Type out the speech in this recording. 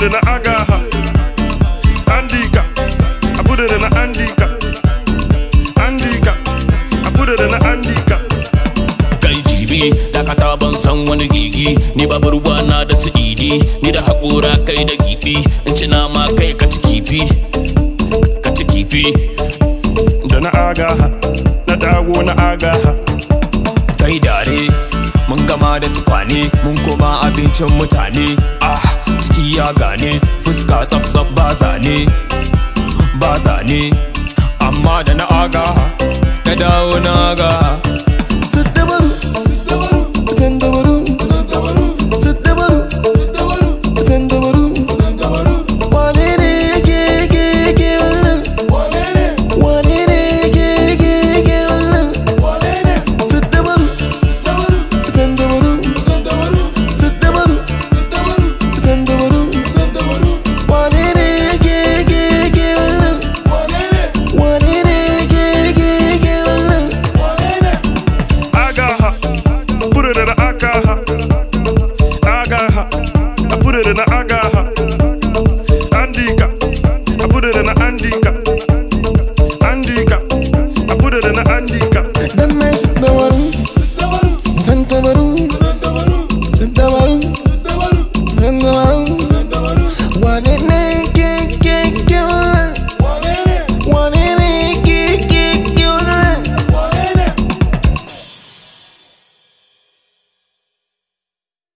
put it in Agaha, Andika, I put it in Andika, Andika, I put it in Andika. Kai jibi da ka taban san wani gigi ni babu na da su idi ni da hakura kai da gibi in ci nama kai ka ci kifi ka ci kifi da na agaha na dago na agaha kai dare mun gama da tukwane mun koma abincin mutane ah ski ya gane fuska tsaf-tsaf ba zane amma da na aga